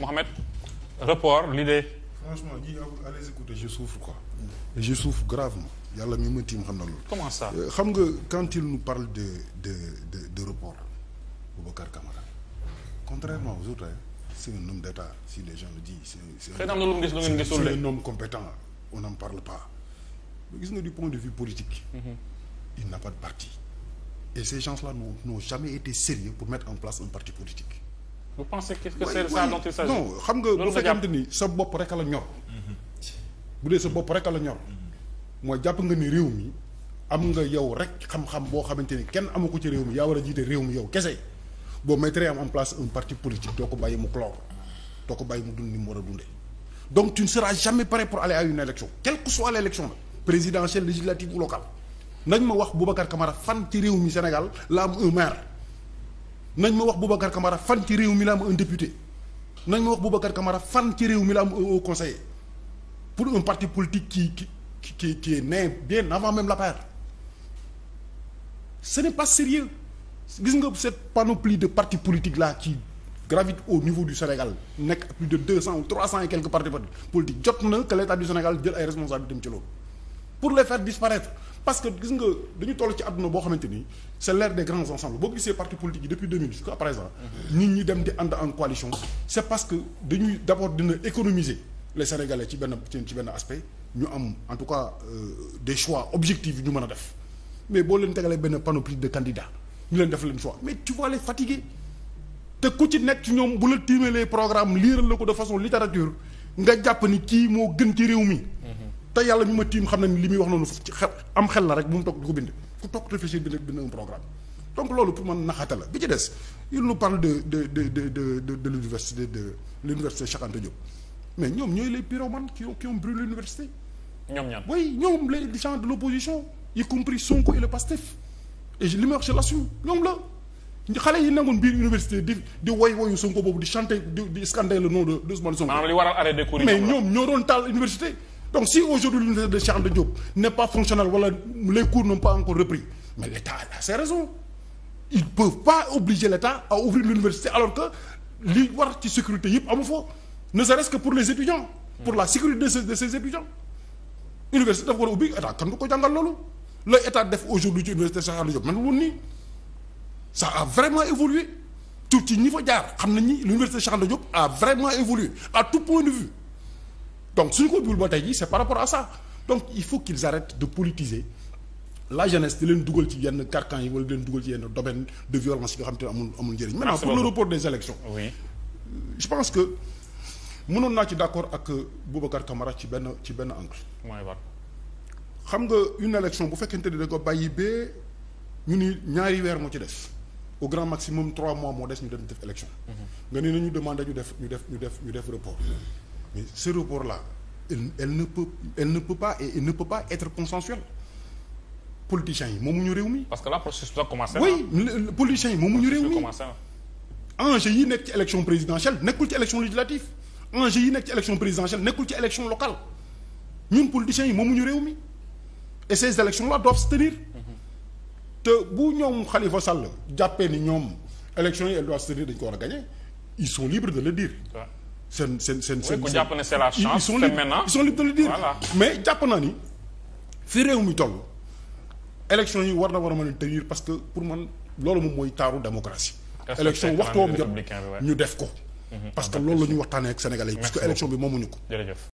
Mohamed report l'idée franchement ñi à les écouter je souffre quoi et je souffre gravement yàlla mi ma tiim xam na loolu comment euh, xam nga quand il nous parle de de de de report Boubacar Camara contrairement aux autres c'est un homme d'État si les gens le disent c'est un homme compétent on n'en parle pas mais gis nga du point de vue politique mhm. il n'a pas de parti et ces gens-là n'ont jamais été sérieux pour mettre en place un parti politique vous pensez que c'est ça dont il s'agit xam nga bu fekkente ni sa bopp rek la ñor mhm. bu dee sa bopp rek la ñor mooy jàpp nga ni réew mi am nga yow rek xam-xam boo xamante ni kenn amu ci réew mi yaa war a jiite réew mi yow kese boo mettre am en place un parti politique doo ko bàyyi mu clore doo ko bàyyi mu dund ni mu war a dundee donc tu ne seras jamais prêt pour aller à une élection quelle que soit l' élection la présidentielle législative ou locale nañ ma wax Boubacar Camara fan ci réew Sénégal la maire nañ ma wax Boubacar Camara fan ci réew mi la am un député nañ ma wax Boubacar Camara fan ci réew mi la am un conseiller pour un parti politique qui qui qui qui est né bien avant même l'APR ce n'est pas sérieux gis nga cette panoplie de partis politiques là qui gravite au niveau du Sénégal nekk plus de deux cent ou trois cent et quelques partis politiques jot na que l'État du Sénégal jël ay responsabilités dem ci loolu pour les faire disparaître parce que gis nga dañu toll ci àdduna boo xamante ni c'est l'ère des grands ensembles boo gisee parti politique yi depuis 2000 jusqu'à présent nit ñi dem di ànd en coalition c'est parce que dañuy d'abord dina économiser les Sénégalais ci benn ci benn aspect ñu am en tout cas euh, des choix objectifs yu ñu mën a def mais boo leen tegalee benn panoplie de candidats ñu leen def leen choix mais tu vois les te ku ci nekk ci ñoom bu la tiimalee programme liiral la ko de façon littérature nga jàpp ni kii moo gën ci réew mi te yàlla ñu ma tiim xam nañ li muy wax noonu am xel la rek bu mu toog di ko bind ku toog réfléchir bind bind un programme donc loolu pour man naxaate la bi ci des il nous parle de de de de de de de l'université de l'université Cheikh Anta Diop mais ñoom ñooy les pyromanes qui ont qui ont brûlé l'université ñoom ñoom oui ñoom les gens de l'opposition y compris Sonko et le Pastef et li may wax je l'assume ñoom la xale yi nangoon biir université di di woy woyu Sonko boobu di chanter di di scander le nom de Ousmane Sonko. maanaam li waral arrêt de cours mais ñoom ñoo doon taal université. donc si aujourd'hui l'université de Cheikh Anta Diop n'est pas fonctionnelle wala les cours n'ont pas encore repris mais l'État a ses raisons ils peuvent pas obliger l'État à ouvrir l'université alors que li war ci sécurité yëpp amu fa ne serait-ce que pour les étudiants pour la sécurité de ces, de ces étudiants université dafa war a ubbi état kan ko jàngal loolu la état def aujourd'hui ci université Cheikh Anta Diop man woon nii ça a vraiment évolué tuuti ñi fa jaar xam nañ ni l'université Cheikh Anta Diop a vraiment évolué à tout point de donc suñu ko ubbiwul ba tey jii c'est par rapport à ça donc il faut qu'ils arrêtent de politiser la jeunesse di leen dugal ci yenn carcan yi wala di leen dugal ci yenn domaine de violence yi nga xam te ne amul amul njëriñ ah, maintenant pour le que mënoon naa ci d'accord ak Boubacar Camara ci benn ci benn angle xam nga une élection bu fekkente ni da ko bàyyi ba ñu ni ñaari weer moo ci def au grand maximum trois mois moo des ñu dem def élection mhm. nga ni nañu demandé ñu def ñu def ñu def ñu def report mais ce report là elle, elle ne peut elle ne peut pas et il ne peut pas être consensuel politiciens yi moomuñu réew mi. parce que là processus doit commencer. oui politiciens yi moomuñu réew mi enjeu yi nekk ci élection présidentielle nekkul ci élection législative enjeu yi nekk ci élection présidentielle nekkul ci élection locale ñun politiciens yi moomuñu réew mi et ces élections là doivent se tenir mm-hmm. te bu ñoom Khalifa Sall jàppee ni ñoom élections yi elles doivent se tenir dañ ko war a gagner ils sont seen seen seen seen. ku jàpp ne c'est la chance. te maintenant mais jàpp naa ni fi réew mi toll. élection yi war na war a mën a tenir parce pour man loolu moom mooy taaru démocratie. élection waxtu woom jot ñu def ko. Mhm. parce que loolu la ñuy waxtaanee ak sénégalais yi. parce que élection bi moomuñu ko.